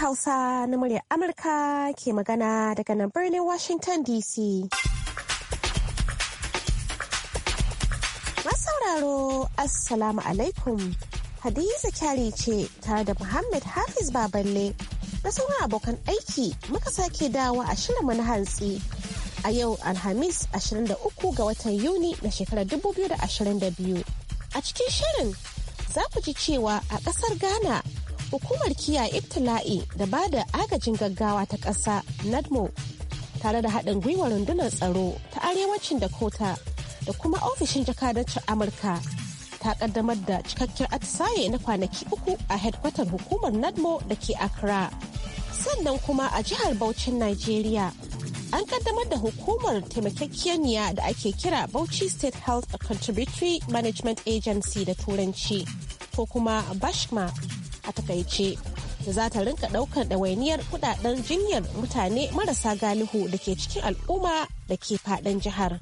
Hausa na muryar Amurka ke magana daga nan birnin Washington DC. Masauraro Assalamu alaikum. Hadiza kyari ce tare da Muhammad Hafiz Baballe da sauran abokan aiki muka sake dawa a shirin na hantsi. A yau Alhamis 23 ga watan Yuni na shekarar 2022. A cikin shirin za ku ji cewa a ƙasar Ghana hukumar kiyaye ibtila'i da ba da agajin gaggawa ta ƙasa nadmo tare da haɗin gwiwar rundunar tsaro ta arewacin dakota da kuma ofishin jakadancin amurka ta kaddamar da cikakken atisaye na kwanaki uku a hedkwatar hukumar nadmo da ke accra sannan kuma a jihar Bauchin nigeria An kaddamar da hukumar taimakekeniya da ake kira Bauchi State Health Contributory Management Agency da Turanci, ko kuma Bashma a takaice da za ta rinka ɗaukar ɗawainiyar kudaden jinyar mutane marasa galihu da ke cikin al'umma da ke faɗin jihar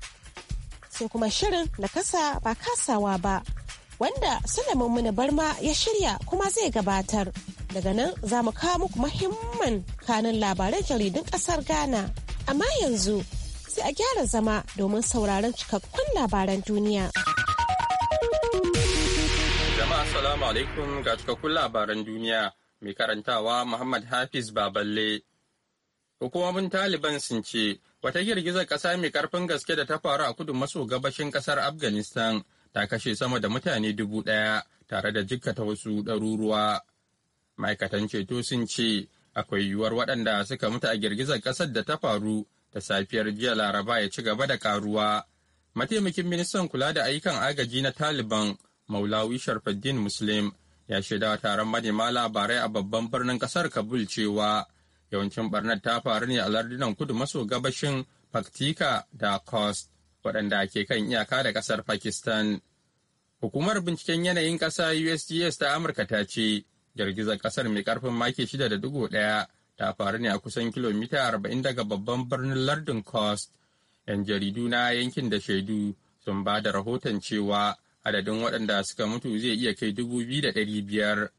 sai kuma shirin na kasa ba kasawa ba wanda Suleiman mini Barma ya shirya kuma zai gabatar. Daga nan za mu kawo muku mahimman kanun labaran jaridun ƙasar Ghana. Amma yanzu sai a gyara zama domin sauraron cikakkun labaran duniya. Assalamu alaikum ga cikakkun labaran duniya mai karantawa Muhammad Hafiz Baballe. Hukumomin Taliban sun ce wata girgizar ƙasa mai ƙarfin gaske da ta faru a kudu maso gabashin ƙasar Afghanistan ta kashe sama da mutane dubu ɗaya tare da jikkata wasu ɗaruruwa. Ma'aikatan ceto sun ce akwai yiwuwar waɗanda suka mutu a girgizar ƙasar da ta faru da safiyar jiya laraba ya ci gaba da ƙaruwa. Mataimakin ministan kula da ayyukan agaji na Taliban Maulawi Sharfaddin Muslim ya shaida taron manema labarai a babban birnin kasar Kabul cewa yawancin barnar ta faru ne a lardunan kudu maso gabashin Paktika da Khost waɗanda ke kan iyaka da kasar Pakistan. Hukumar binciken yanayin ƙasa USGS ta Amurka ta ce girgizar ƙasar mai ƙarfin maki 6.1 ta faru ne a kusan kilomita 40 daga babban birnin lardin cost 'Yan jaridu na yankin da shaidu sun ba da rahoton cewa adadin waɗanda suka mutu zai iya kai dubu biyu da ɗari biyar.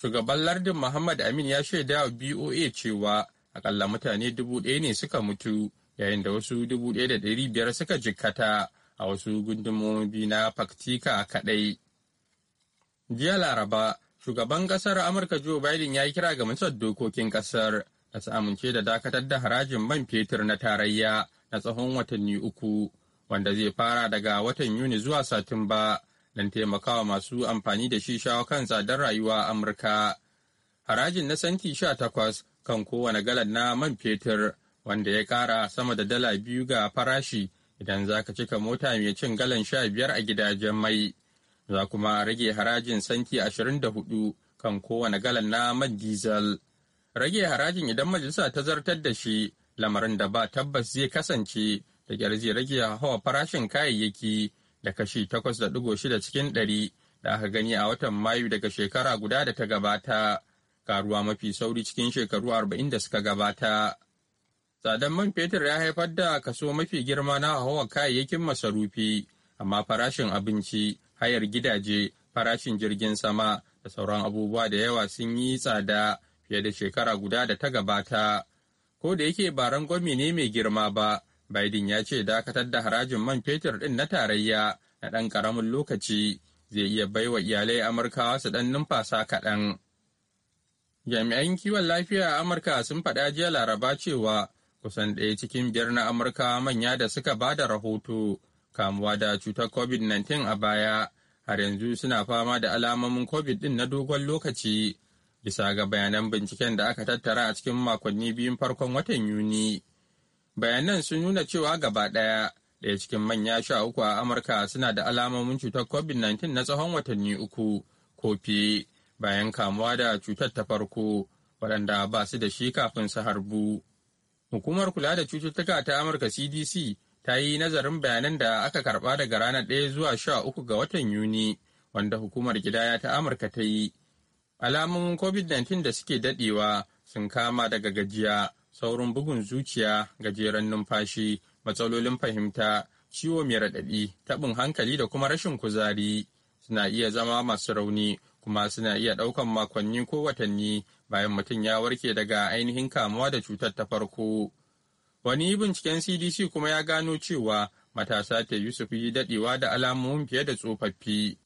Shugaban lardin Muhammad Amin ya shaida wa BOA cewa akalla mutane dubu ɗaya ne suka mutu yayin da wasu dubu ɗaya da ɗari biyar suka jikkata a wasu gundumomi na Faktika kaɗai. Jiya Laraba, shugaban ƙasar Amurka Joe Biden ya yi kira ga majalisar dokokin ƙasar da su amince da dakatar da harajin man fetur na tarayya na tsawon watanni uku. wanda zai fara daga watan Yuni zuwa Satumba don taimakawa masu amfani da shi shawo kan tsadar rayuwa Amurka. Harajin na santi sha takwas kan kowane galan na man fetur wanda ya kara sama da dala biyu ga farashi idan za ka cika mota mai cin galan sha biyar a gidajen mai. Za kuma rage harajin santi ashirin da hudu kan kowane galan na man diesel. Rage harajin idan majalisa ta zartar da shi lamarin da ba tabbas zai kasance da kyar rage hawa farashin kayayyaki da kashi 8.6 cikin 100 da aka gani a watan mayu daga shekara guda da ta gabata karuwa mafi sauri cikin shekaru 40 da suka gabata tsadan man fetur ya haifar da kaso mafi girma na hawa kayayyakin masarufi amma farashin abinci hayar gidaje farashin jirgin sama da sauran abubuwa da yawa sun yi tsada fiye da shekara guda da ta gabata ko da yake ba rangwami ne mai girma ba Biden ya ce dakatar da harajin man fetur ɗin na tarayya na ɗan ƙaramin lokaci zai iya baiwa iyalai Amurkawa su ɗan numfasa kaɗan. Jami'an kiwon lafiya a Amurka sun faɗa jiya Laraba cewa kusan ɗaya cikin biyar na amurka manya da suka ba da rahoto kamuwa da cutar COVID-19 a baya har yanzu suna fama da alamomin COVID ɗin na dogon lokaci bisa ga bayanan binciken da aka tattara a cikin makonni biyun farkon watan Yuni. bayanan sun nuna cewa gaba ɗaya daya cikin manya sha uku a amurka suna da alamomin cutar covid-19 na tsawon watanni uku ko fiye bayan kamuwa da cutar ta farko waɗanda ba su da shi kafin su harbu hukumar kula da cututtuka ta amurka cdc ta yi nazarin bayanan da aka karba daga ranar ɗaya zuwa sha uku ga watan yuni wanda hukumar gidaya ta amurka ta yi alamomin covid-19 da suke daɗewa sun kama daga gajiya saurin bugun zuciya gajeren numfashi matsalolin fahimta ciwo mai raɗaɗi taɓin hankali da kuma rashin kuzari suna iya zama masu rauni kuma suna iya ɗaukan makonni ko watanni bayan mutum ya warke daga ainihin kamuwa da cutar ta farko wani binciken cdc kuma ya gano cewa matasa ta yusuf yi daɗewa da alamomin fiye da tsofaffi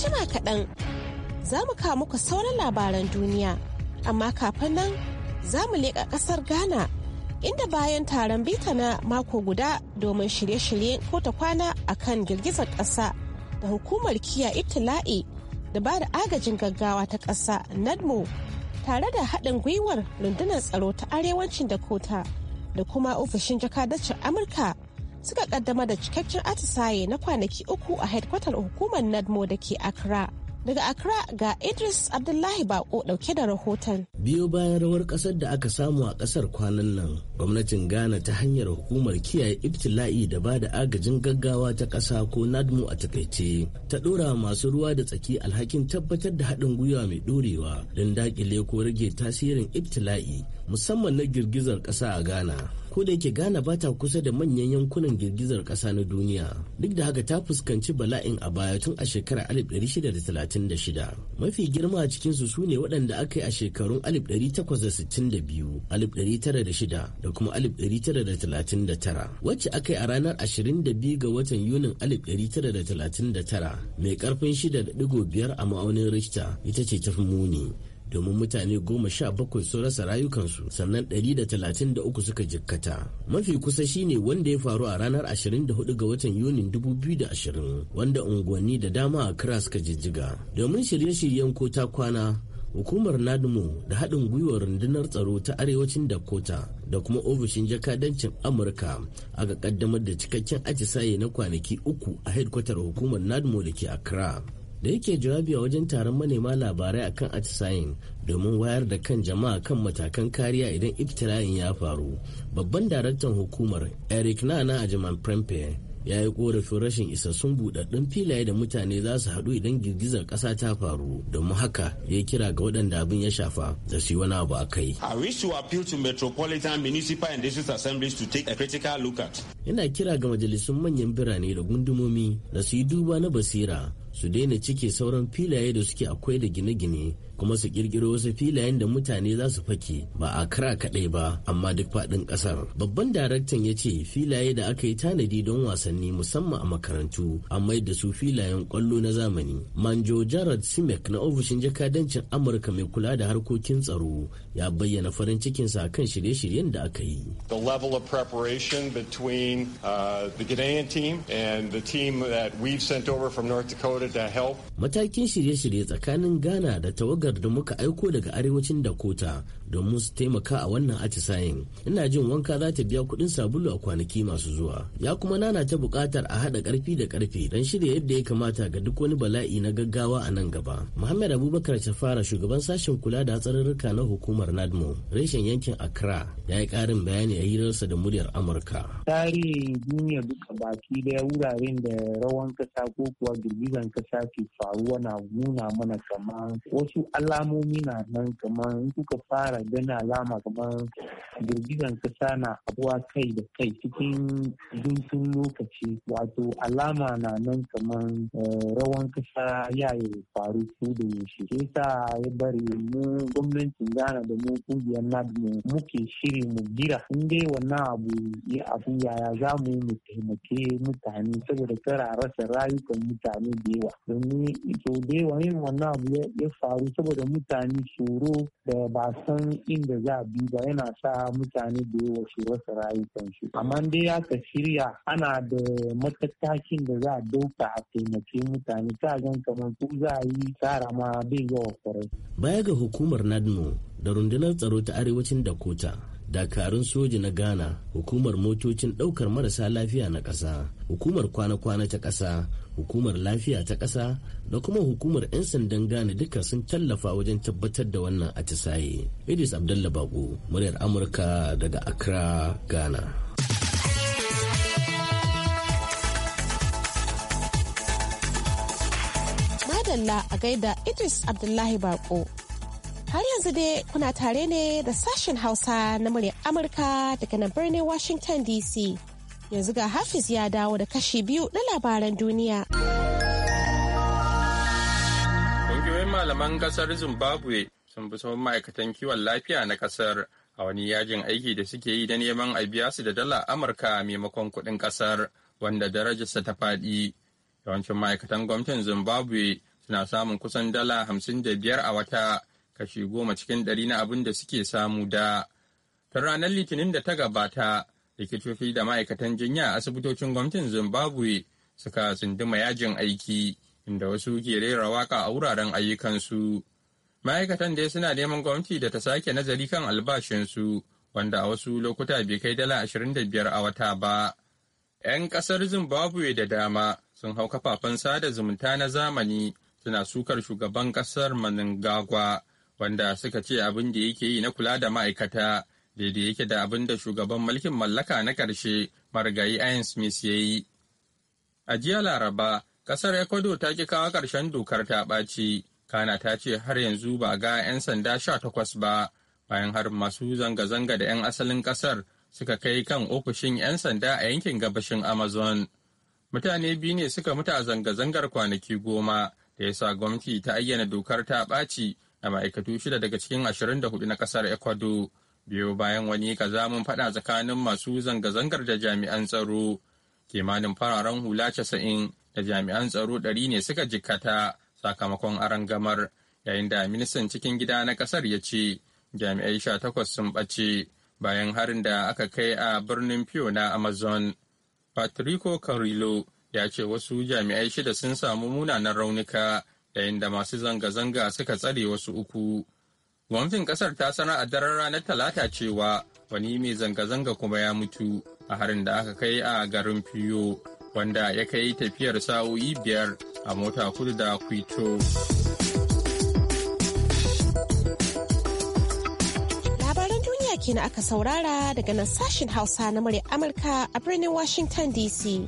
jima kaɗan za mu kawo muku sauran labaran duniya amma kafin nan za mu leƙa ƙasar ghana inda bayan taron bita na mako guda domin shirye-shirye ko ta kwana a kan girgizar ƙasa da hukumar kiya itila'i da ba da agajin gaggawa ta ƙasa nadmo tare da haɗin gwiwar rundunar tsaro ta arewacin dakota da kuma ofishin jakadacin amurka suka kaddama da cikakken atisaye na kwanaki uku a hedkwatar hukumar nadmo da ke accra daga accra ga idris abdullahi bako dauke da rahoton biyo bayan rawar kasar da aka samu a kasar kwanan nan gwamnatin ghana ta hanyar hukumar kiyaye ibtila'i da ba da agajin gaggawa ta kasa ko nadmo a takaice ta dora masu ruwa da tsaki alhakin tabbatar da haɗin gwiwa mai dorewa don daƙile ko rage tasirin ibtila'i musamman na girgizar ƙasa a ghana ko da yake Ghana ba ta kusa da manyan yankunan girgizar ƙasa na duniya duk da haka ta fuskanci bala'in a baya tun a shekarar 1636 mafi girma a cikinsu su ne waɗanda aka yi a shekarun 1862 1906 da kuma 1939 wacce aka yi a ranar 22 ga watan yunin 1939 mai ƙarfin 6.5 a ma'aunin richter ita ce tafi muni domin mutane goma sha bakwai sun rasa rayukansu sannan ɗari da talatin da uku suka jikkata mafi kusa shine wanda ya faru a ranar 24 ga watan yunin 2020 wanda unguwanni da dama a kira suka jijjiga domin shirye-shiryen ko ta kwana hukumar nadmo da haɗin gwiwar rundunar tsaro ta arewacin dakota da kuma ofishin jakadancin amurka aka kaddamar da cikakken atisaye na kwanaki uku a hedkwatar hukumar nadmo da ke accra da yake jawabi a wajen taron manema labarai akan atisayin domin wayar da kan jama'a kan matakan kariya idan iftira'in ya faru babban daraktan hukumar eric nana a jaman prempe ya yi korafin rashin isassun budaddun filaye da mutane za su haɗu idan girgizar ƙasa ta faru domin haka ya kira ga waɗanda abin ya shafa da su yi wani abu a kai. I wish to appeal to metropolitan municipal and district assemblies to take a critical look at. Yana kira ga majalisun manyan birane da gundumomi da su yi duba na basira su daina cike sauran filaye da suke akwai da gine-gine kuma su kirkiro wasu filayen da mutane za su fake ba a kira kaɗai ba amma duk faɗin ƙasar babban daraktan ya ce filaye da aka yi tanadi don wasanni musamman a makarantu an mai da su filayen ƙwallo na zamani manjo jared simek na ofishin jakadancin amurka mai kula da harkokin tsaro ya bayyana farin cikinsa kan shirye-shiryen da aka yi the level of preparation between uh, the Ghanaian team and the team that we've sent over from North Dakota to help matakin shirye-shirye tsakanin Ghana da tawagar da muka aiko daga arewacin dakota domin su taimaka a wannan atisayen ina jin wanka za ta biya kuɗin sabulu a kwanaki masu zuwa ya kuma nana ta bukatar a haɗa karfi da ƙarfi don shirya yadda ya kamata ga duk wani bala'i na gaggawa a nan gaba muhammad abubakar ta fara shugaban sashen kula da hatsarurruka na hukumar nadmo reshen yankin accra ya yi ƙarin bayani a hirarsa da muryar amurka tarihi duniya duka baki daya wuraren da rawan kasa ko kuwa girgizan kasa ke faruwa na nuna mana kamar wasu alamomi na nan kamar in kuka fara gani alama kamar girgizan kasa na abuwa kai da kai cikin guntun lokaci wato alama na nan kamar eh, rawan kasa ya yi faru su da yaushe Ke sa ya bari mu gwamnatin ghana da mu kungiyar nadu muke shiri mu gira in dai wannan abu ya abu yaya za mu mu taimake mutane saboda kara rasa rayukan mutane da yawa domin to da yawa yin wannan abu ya faru saboda mutane tsoro da ba san inda za a bi ba yana sa mutane da yawa su rasa rayukansu amma dai aka shirya ana da matattakin da za a dauka a taimake mutane ta gan kamar ko za a yi tsara ma bai yawa kwarai baya ga hukumar nadmo da rundunar tsaro ta arewacin dakota dakarun soji na ghana hukumar motocin daukar marasa lafiya na ƙasa hukumar kwana-kwana ta ƙasa hukumar lafiya ta ƙasa da kuma hukumar 'yan sandan ghana duka sun tallafa wajen tabbatar da wannan atisaye idris abdullahi bako muryar amurka daga accra ghana madalla a gaida idris abdullahi bako Har yanzu dai kuna tare ne da sashen Hausa na muryar Amurka daga nan birnin Washington DC. Yanzu ga Hafiz ya dawo da kashi biyu na labaran duniya. Ƙungiyoyin malaman ƙasar Zimbabwe sun fi sauran ma'aikatan kiwon lafiya na ƙasar a wani yajin aiki da suke yi da neman a biya su da dala Amurka maimakon kuɗin ƙasar wanda darajarsa ta faɗi. Yawancin ma'aikatan gwamnatin Zimbabwe suna samun kusan dala hamsin da biyar a wata kashi goma cikin ɗari na abin da suke samu da ta ranar litinin da ta gabata likitoci da ma'aikatan jinya a asibitocin gwamnatin zimbabwe suka tsunduma yajin aiki inda wasu ke rera waka a wuraren ayyukansu ma'aikatan dai suna neman gwamnati da ta sake nazari kan albashinsu wanda a wasu lokuta bai kai dala ashirin da biyar a wata ba 'yan kasar zimbabwe da dama sun hau kafafen sada zumunta na zamani suna sukar shugaban kasar maningagwa wanda suka ce abin da yake yi na kula da ma'aikata daidai yake da abin da shugaban mulkin mallaka na ƙarshe marigayi Ian Smith ya yi. A jiya Laraba, ƙasar Ecuador ta ƙi kawo ƙarshen dokar ta ɓaci, Kana ta ce har yanzu ba ga 'yan sanda sha takwas ba, bayan har masu zanga-zanga da 'yan asalin ƙasar suka kai kan ofishin 'yan sanda a yankin gabashin Amazon. Mutane biyu ne suka mutu a zanga-zangar kwanaki goma da ya sa gwamnati ta ayyana dokar ta ɓaci a ma'aikatu shida daga cikin ashirin 24 na kasar ecuador biyo bayan wani kazamin fada tsakanin masu zanga-zangar da jami'an tsaro kimanin fararen hula casa'in da jami'an tsaro 100 ne suka jikkata sakamakon arangamar yayin da ministan cikin gida na kasar ya ce jami'ai sha takwas sun ɓace bayan harin da aka kai a birnin Pio na Amazon. Patrico Carrillo ya ce wasu jami'ai shida sun samu munanan raunuka yayin da masu zanga-zanga suka tsare wasu uku. Gwamfin kasar ta sanar a daren ranar Talata cewa wani mai zanga-zanga kuma ya mutu a harin da aka kai a garin Fiyo, wanda ya kai tafiyar sa'o'i biyar a mota kudu da Kwito. Labaran duniya kenan aka saurara daga nan sashen Hausa na murya Amurka a birnin Washington DC.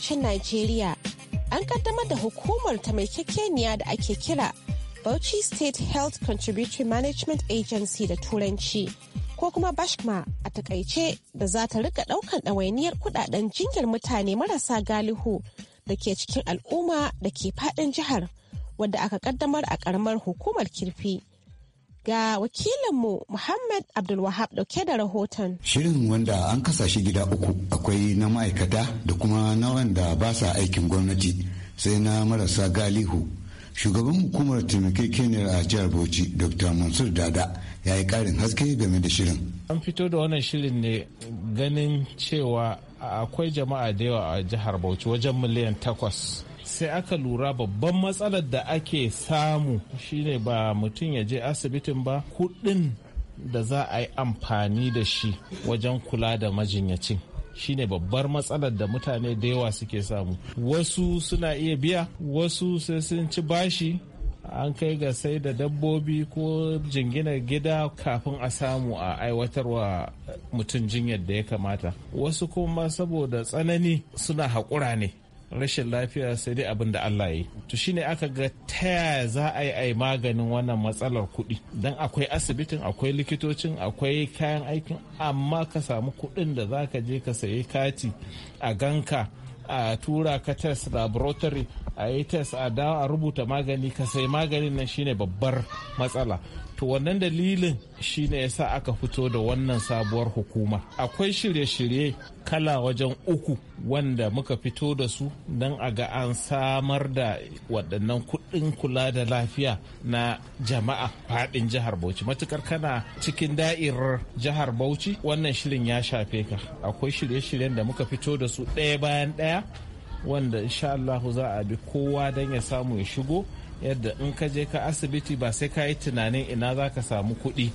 arewacin Najeriya an kaddamar da hukumar ta mai kekeniya da ake kira Bauchi State Health Contributory Management Agency da Turanci ko kuma Bashma a takaice da za ta rika daukan ɗawainiyar kudaden jinyar mutane marasa galihu da ke cikin al'umma da ke faɗin jihar wadda aka kaddamar a ƙaramar hukumar kirfi. ga wakilinmu Muhammad Abdulwahab dauke da rahoton. Shirin wanda an kasa shi gida uku akwai na ma'aikata da kuma na wanda ba sa aikin gwamnati sai na marasa galihu. Shugaban hukumar taimakekeniyar a jihar Bauchi Dr. Mansur Dada ya yi ƙarin haske game da shirin. An fito da wannan shirin ne ganin cewa akwai jama'a da yawa a jihar Bauchi wajen miliyan takwas. sai aka lura babban matsalar da ake samu shine ba mutum ya je asibitin ba kuɗin da za a yi amfani da shi wajen kula da majinyacin shine babbar matsalar da mutane da yawa suke samu wasu suna iya biya wasu sai sun ci bashi an kai ga sai da dabbobi ko jingina gida kafin a samu a aiwatarwa mutum jinyar da ya kamata wasu kuma saboda tsanani suna haƙura ne rashin lafiya sai dai abin da Allah ya yi to shine aka ga ta yaya za a yi ai maganin wannan matsalar kuɗi dan akwai asibitin akwai likitocin akwai kayan aikin amma ka samu kuɗin da za ka je ka sayi kati a ganka a tura ka test laboratory a yi test a dawo a rubuta magani ka sayi maganin nan shine babbar matsala to wannan dalilin shi shine yasa aka fito da wannan sabuwar hukuma akwai shirye-shirye kala wajen uku wanda muka fito da su don a ga an samar da waɗannan kuɗin kula da lafiya na jama'a faɗin jihar bauchi matukar kana cikin da'irar jihar bauchi wannan shirin ya shafe ka akwai shirye-shiryen da muka fito da su ɗaya bayan ɗaya wanda insha Allah za a bi kowa don ya samu ya shigo yadda in ka je ka asibiti ba sai ka yi tunanin ina za ka samu kuɗi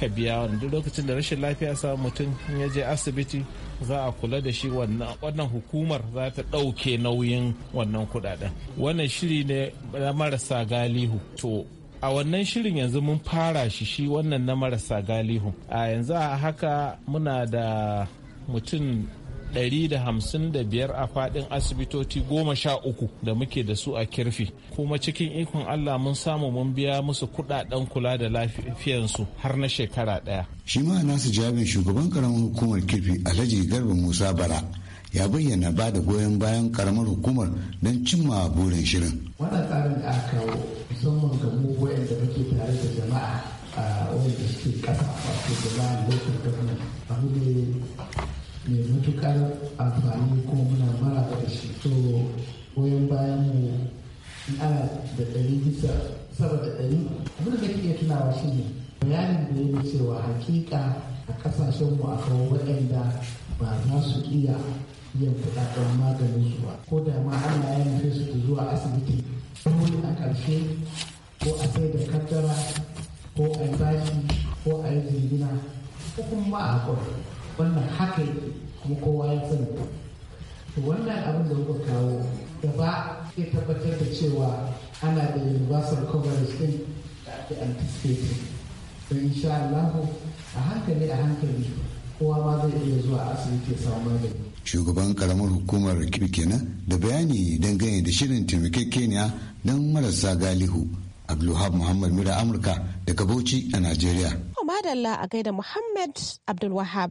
ka biya wani duk lokacin da rashin lafiya sa mutum ya je asibiti za a kula da shi wannan hukumar za ta ɗauke nauyin wannan kuɗaɗen wannan shiri ne na marasa galihu to a wannan shirin yanzu mun fara shi shi wannan na marasa galihu a yanzu a haka muna da mutum 155 a fadin asibitoci 13 da muke da su a kirfi kuma cikin ikon allah mun samu mun biya musu kudaden kula da lafiyansu har na shekara ɗaya shi ma nasu jami'in shugaban karamin hukumar kirfi alhaji garba musa bara ya bayyana ba da goyon bayan karamar hukumar don cimma burin shirin wannan tsarin da aka kawo musamman ga mu da muke tare da jama'a a da suke kasa wato jama'a lokacin gwamnati abu ne mai matukar amfani kuma muna mara da shi to goyon bayan mu ana da ɗari bisa saba da ɗari abin da iya tunawa shi ne bayanin da ya cewa hakika a kasashen mu akwai waɗanda ba za su iya yin kuɗaɗen maganin su ba ko da ma ana ya su zuwa asibiti wani a ƙarshe ko a sai da kaddara ko a bashi ko a yi jirgina ko kuma a kwaro wannan haka kuma kowa ya sani to wannan abin da muka kawo ba ya tabbatar da cewa ana da universal coverage din da ake anticipating to insha Allah a hankali a hankali kowa ma zai iya zuwa asibiti ya samu magani shugaban karamar hukumar kenan da bayani dangane da shirin taimakekeniya don marasa galihu abdulhab muhammad mira amurka daga bauchi a najeriya madalla a gaida muhammad abdulwahab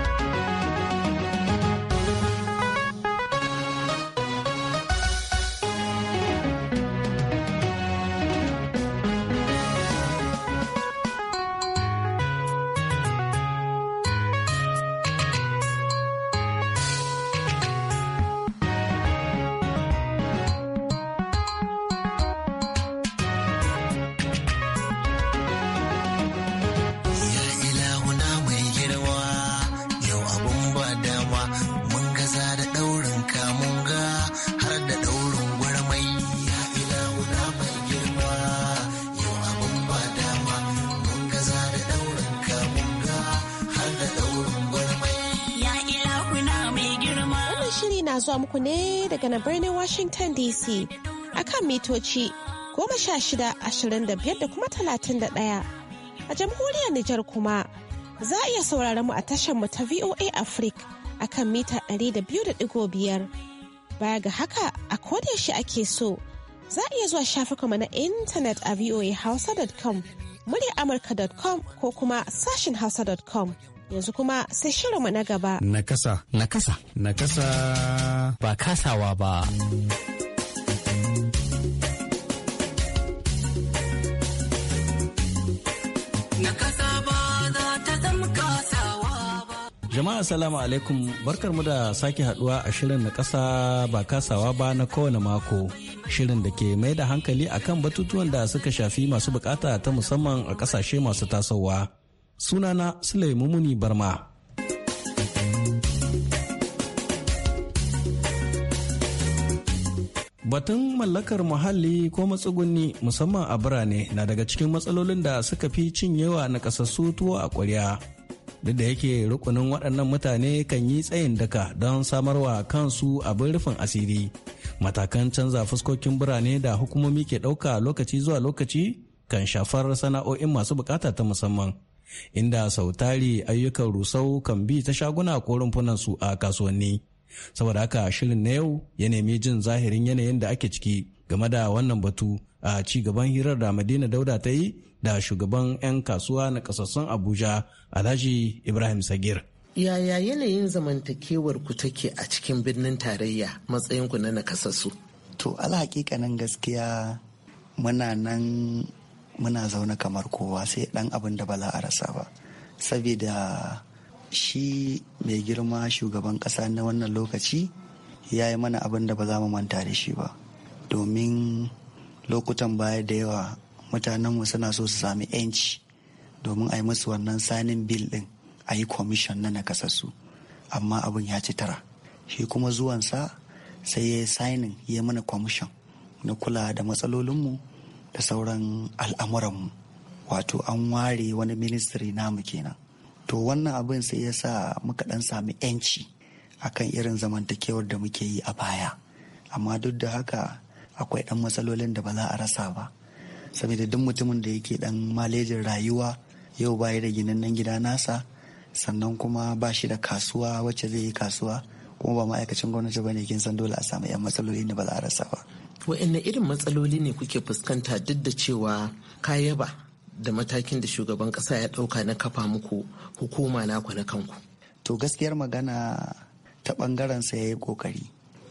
zuwa muku ne daga na birnin Washington DC akan mitoci goma sha shida ashirin da kuma talatin da ɗaya. A jamhuriyar Nijar kuma za a iya sauraron mu a tashar mu ta VOA Africa a kan mita ɗari da biyu da ɗigo Baya ga haka a kodayaushe ake so za a iya zuwa shafukanmu na intanet a voahausa.com muryar amurka.com ko kuma sashin hausa.com yanzu kuma sai shirinmu na gaba. na na kasa. kasa. na kasa. Ba kasawa ba. Jama'a salamu alaikum barkar mu da sake haduwa a shirin na kasa ba kasawa ba na kowane mako. Shirin da ke mai da hankali akan batutuwan da suka shafi masu bukata ta musamman a kasashe masu tasowa. sunana Sulaimu Muni Barma. Batun mallakar muhalli ko matsuguni musamman a birane na daga cikin matsalolin da suka fi cinyewa na kasassu tuwo a ƙwarya. Duk da yake rukunin waɗannan mutane kan yi tsayin daka don samarwa kansu abin rufin asiri. Matakan canza fuskokin birane da hukumomi ke ɗauka lokaci zuwa lokaci kan shafar sana'o'in masu bukata ta musamman. inda sautari ayyukan rusau kan bi ta shaguna ko rumfunan su a kasuwanni saboda haka shirin na yau ya nemi jin zahirin yanayin da ake ciki game da wannan batu a ci gaban hirar da madina dauda ta yi da shugaban 'yan kasuwa na kasassun abuja alhaji ibrahim sagir yaya yanayin zamantakewar ku take a cikin birnin tarayya matsayin ku na nakasassu to nan gaskiya muna nan muna zaune kamar kowa sai dan abin da bala a rasa ba saboda shi mai girma shugaban ƙasa na wannan lokaci ya yi mana abin da ba za mu manta da shi ba domin lokutan baya da yawa mutanenmu suna so su sami 'yanci domin a yi musu wannan sanin bil ɗin a yi kwamishin na nakasassu amma abin ya ci tara shi kuma zuwansa sai ya yi sainin ya mana kwamishin na kula da matsalolinmu da sauran al'amuranmu wato an ware wani ministry namu kenan to wannan abin sai ya sa muka dan sami 'yanci akan irin zamantakewar da muke yi a baya amma duk da haka akwai dan matsalolin da ba za a rasa ba saboda duk mutumin da yake dan malejin rayuwa yau baya da nan gida nasa sannan kuma ba shi da kasuwa wacce zai yi kasuwa kuma ba ma'aikacin gwamnati ba ne kin san dole a samu yan matsaloli da ba za a rasa ba wa'anne irin matsaloli ne kuke fuskanta duk da cewa ka yaba da matakin da shugaban kasa ya dauka na kafa muku hukuma naku na kanku to gaskiyar magana ta bangaren sa yayi kokari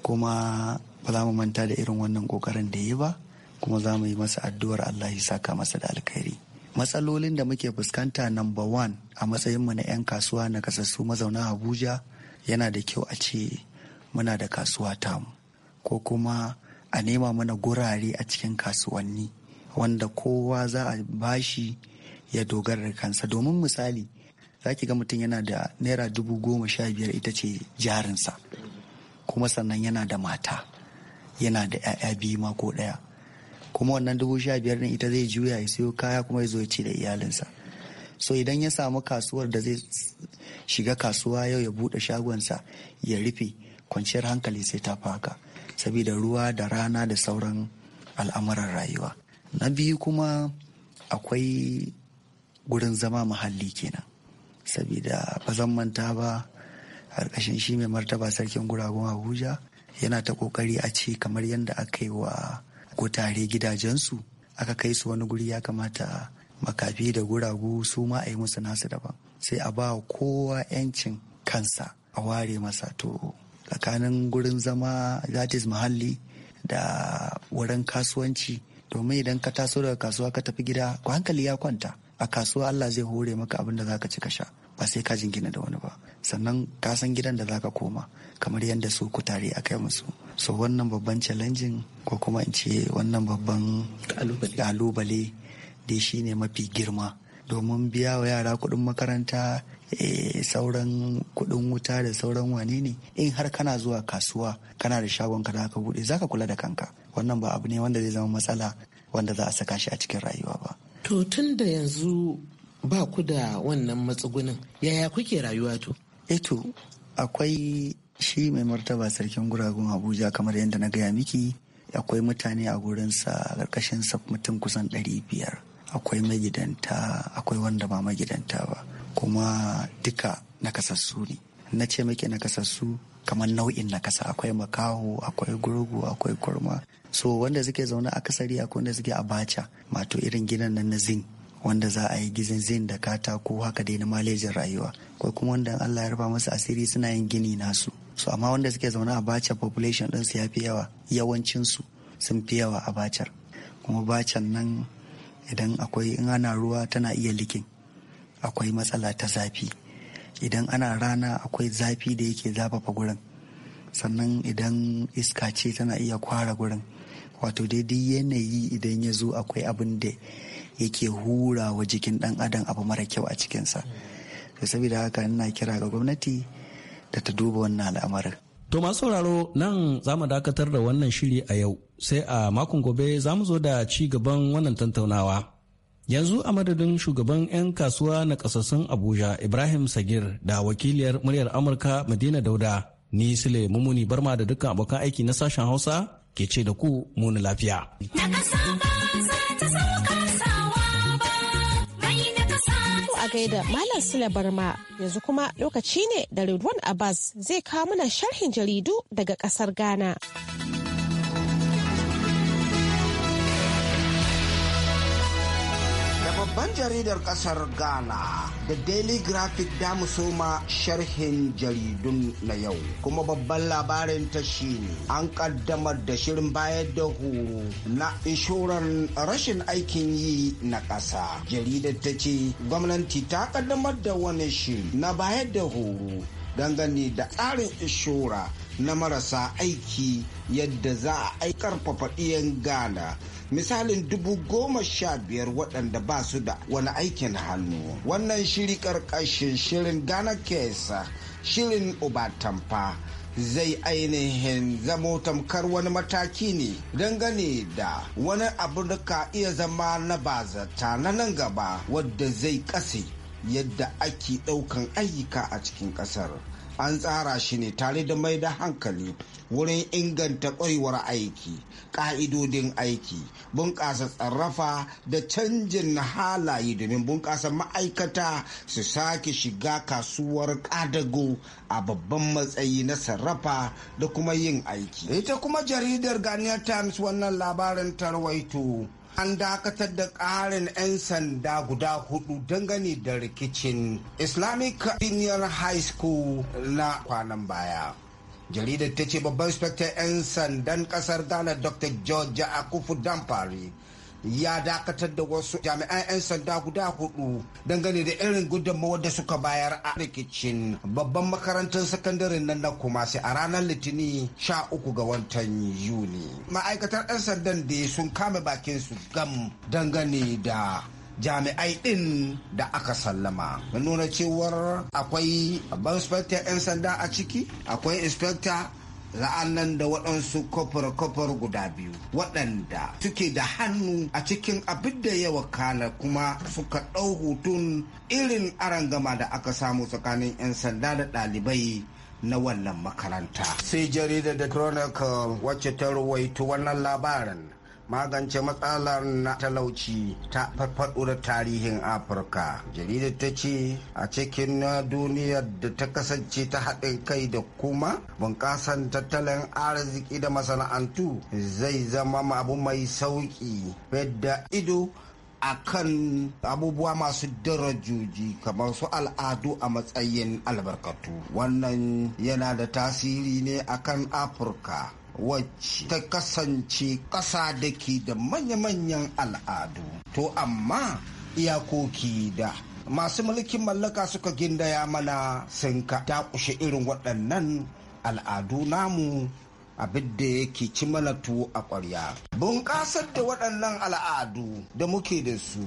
kuma ba za mu manta da irin wannan kokarin da yi ba kuma za mu yi masa addu'ar Allah ya saka masa da alkhairi matsalolin da muke fuskanta number one a matsayin mu na 'yan kasuwa na kasassu mazauna abuja yana da kyau a ce muna da kasuwa tamu ko kuma a nema mana gurare a cikin kasuwanni wanda kowa za a bashi ya dogara da kansa domin misali za ki ga mutum yana da naira dubu goma sha biyar ita ce jarinsa kuma sannan yana da mata yana da 'ya'ya biyu mako ko ɗaya kuma wannan dubu sha biyar ɗin ita zai juya ya siyo kaya kuma ya zo ya ci da iyalinsa so idan ya samu kasuwar da zai shiga kasuwa yau ya buɗe shagonsa ya rufe kwanciyar hankali sai ta faka. saboda ruwa da rana da sauran al'amuran rayuwa na biyu kuma akwai gurin zama muhalli kenan saboda ba zan manta ba harkashin shi mai martaba sarkin guragun abuja yana ta ƙoƙari a ce kamar yadda aka yi wa gutare gidajensu aka kai su wani guri ya kamata makafi da guragu su ma a yi musu nasu daban sai a ba kowa 'yancin kansa a ware masa to tsakanin gurin zama that is muhalli da wurin kasuwanci domin idan ka taso daga kasuwa ka tafi gida ku hankali ya kwanta a kasuwa Allah zai hore maka abin da zaka ci ka sha ba sai ka jingina da wani ba sannan ka san gidan da zaka koma kamar yadda su kutare a kai musu so wannan babban challenging ko kuma in ce wannan babban kalubale da shine mafi girma domin biya wa yara kuɗin makaranta Eh, sauran kuɗin wuta da sauran wane ne in har kana zuwa kasuwa kana da shagon ka da aka buɗe zaka kula da kanka wannan ba abu ne wanda zai zama matsala wanda za a saka shi a cikin rayuwa ba. To tun da yanzu ba ku da wannan matsugunin yaya kuke rayuwa to? Eto eh akwai shi mai martaba sarkin guragun Abuja kamar yadda na gaya miki akwai mutane a gurinsa a sa mutum kusan ɗari biyar akwai magidanta akwai wanda ba magidanta ba kuma duka nakasassu ne na ce maki nakasassu kamar nau'in nakasa akwai makaho akwai gurgu akwai kurma so wanda suke zaune a kasari akwai wanda suke a bacha mato irin gidan nan na zin wanda za a yi gizin zin da katako haka dai na malejin rayuwa akwai kuma wanda Allah ya rufa masu asiri suna yin gini nasu so amma wanda suke zaune a bacha population ɗinsu ya fi yawa su sun fi yawa a bacar kuma bacan nan idan akwai in ana ruwa tana iya likin akwai matsala ta zafi idan ana rana akwai zafi da yake zafafa gurin sannan idan iska ce tana iya kwara gurin wato daidai yanayi idan ya zo akwai abin da yake hura wa jikin dan adam abu mara kyau a cikinsa to saboda haka ina kira ga gwamnati da ta duba wannan al'amarin to masu sauraro nan za mu dakatar da wannan shiri a yau sai a makon gobe za mu zo da ci gaban wannan tantaunawa yanzu a madadin shugaban 'yan kasuwa na kasassun abuja ibrahim sagir da wakiliyar muryar amurka madina dauda ni sule mumuni barma da dukkan abokan aiki na sashen hausa ke ce da ku muni lafiya a gaida malam sule barma yanzu kuma lokaci ne da redwan abbas zai kawo mana sharhin jaridu daga kasar ghana Babban jaridar kasar Ghana da Daily Graphic damu soma sharhin jaridun na yau. Kuma babban labarin ta shine an kaddamar da shirin bayar da horo na inshorar rashin aikin yi na ƙasa. Jaridar ta ce gwamnati ta kaddamar da wani shiri na bayar da horo dangane da tsarin inshora na marasa aiki yadda za a aikar iyan Ghana. misalin dubu goma sha biyar waɗanda ba su da wani aikin hannu wannan shiri ƙarƙashin shirin ghana kesa shirin obatampa zai ainihin zamo tamkar wani mataki ne dangane da wani abu da ka iya zama na bazata na nan gaba wadda zai ƙase yadda ake ɗaukan ayyuka a cikin ƙasar an tsara shi ne tare da mai da hankali wurin inganta ƙwarewar aiki ƙa'idodin aiki bunƙasa tsarrafa da canjin halaye domin bunƙasa ma'aikata su sake shiga kasuwar ƙadago a babban matsayi na sarrafa da kuma yin aiki ita kuma jaridar ghanaian times wannan labarin tarwaito an dakatar da ƙarin 'yan sanda guda hudu dangane da rikicin islamic senior high school na kwanan baya jaridar ta ce babban inspector 'yan sandan kasar ghana dr george akufu damfari ya dakatar da wasu jami'an 'yan sanda guda hudu dangane da irin gudunmawar da suka bayar a rikicin babban makarantar sakandare na nakumasi a ranar litini 13 ga watan yuni ma'aikatar 'yan sandan da sun kame bakin su gam dangane da jami'ai ɗin da aka sallama nuna cewar akwai ban inspector 'yan sanda a ciki akwai inspector la'anan da waɗansu kofar-kofar guda biyu waɗanda suke da hannu a cikin abin da ya wakala kuma suka ɗau hutun irin gama da aka samu tsakanin 'yan sanda da ɗalibai na wannan makaranta sai jarida da chronicle wacce ta ruwaito wannan labarin magance matsalar na talauci ta farfaɗo da tarihin afirka jaridar ta ce a cikin duniyar da ta kasance ta haɗin kai da kuma bunƙasan tattalin arziki da masana'antu zai zama abu mai sauƙi da ido a kan abubuwa masu darajoji kamar su al'adu a matsayin albarkatu wannan yana da tasiri ne akan afirka wacce ta kasance ƙasa da ke da manya-manyan al'adu to amma iyakoki da masu mulkin mallaka suka gindaya mana sun ka kushe irin waɗannan al'adu namu abin da yake ci mana tuwo a ƙwarya bunƙasar da waɗannan al'adu da muke da su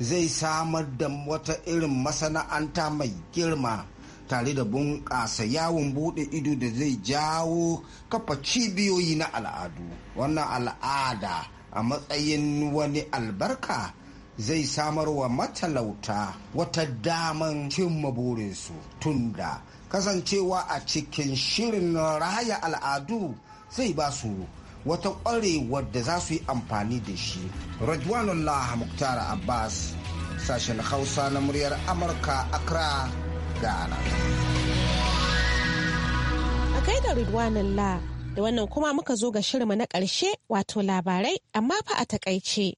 zai samar da wata irin masana'anta mai girma tare da bunƙasa yawon buɗe ido da zai jawo kafa cibiyoyi na al'adu wannan al'ada a matsayin wani albarka zai samar wa matalauta wata daman cimma burinsu tunda kasancewa a cikin shirin raya al'adu zai ba su wata ƙwarewar da za su yi amfani da shi rajwanullah muktar abbas sashen hausa na muryar amurka accra Ghana. A da Ridwanin La, da wannan kuma muka zo ga shirma na ƙarshe wato labarai amma fa a takaice.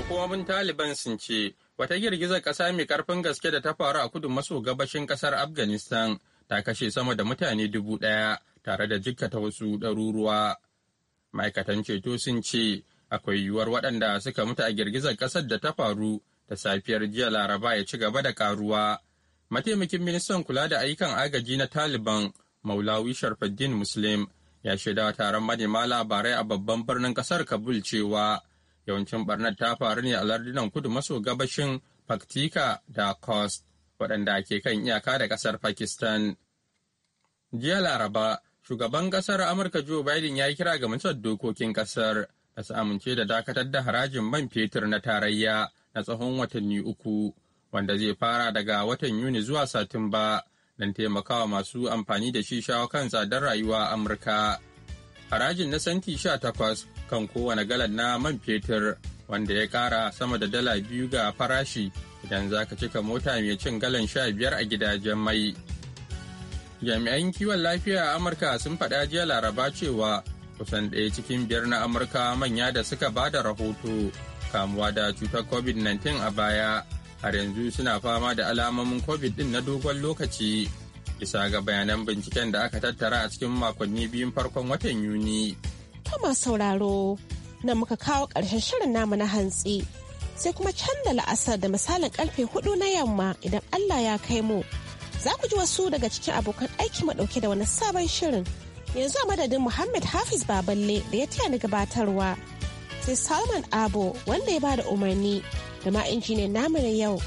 Hukumomin Taliban sun ce wata girgizar ƙasa mai ƙarfin gaske da ta faru a kudu maso gabashin ƙasar Afghanistan ta kashe sama da mutane dubu ɗaya tare da jikkata wasu ɗaruruwa. Ma'aikatan ceto sun ce akwai yiwuwar waɗanda suka mutu a girgizar ƙasar da ta faru da safiyar jiya laraba ya ci gaba da karuwa mataimakin ministan kula da ayyukan agaji na taliban maulawi sharfaddin muslim ya shaida taron manema labarai a babban birnin kasar kabul cewa yawancin barnar ta faru ne a lardunan kudu maso gabashin faktika da cost waɗanda ke kan iyaka da ƙasar pakistan jiya laraba shugaban kasar amurka joe biden ya yi kira ga dokokin ƙasar, da su amince da dakatar da harajin man fetur na tarayya na tsawon watanni uku wanda zai fara daga watan Yuni zuwa Satumba don taimakawa masu amfani da shi shawo kan tsadar rayuwa a Amurka. Harajin na santi takwas kan kowane galan na man fetur wanda ya kara sama da dala biyu ga farashi idan za ka cika mota mai cin galan sha biyar a gidajen mai. Jami'an kiwon lafiya a Amurka sun faɗa jiya laraba cewa kusan ɗaya cikin biyar na Amurka manya da suka ba da rahoto kamuwa da cutar covid-19 a baya har yanzu suna fama da alamomin covid din na dogon lokaci bisa ga bayanan binciken da aka tattara a cikin makonni biyun farkon watan yuni kama sauraro na muka kawo ƙarshen shirin namu na hantsi sai kuma canza la'asar da misalin karfe hudu na yamma idan allah ya kai mu za ku ji wasu daga cikin abokan aiki ɗauke da wani sabon shirin yanzu a madadin muhammad hafiz baballe da ya taya ni gabatarwa sai Salman Abo wanda ya bada umarni da ma injiniyan namu na yau.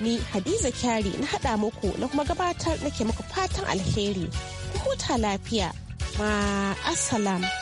Ni Hadiza Kyari na haɗa muku na kuma gabatar nake muku fatan alheri. Ku huta lafiya. Ma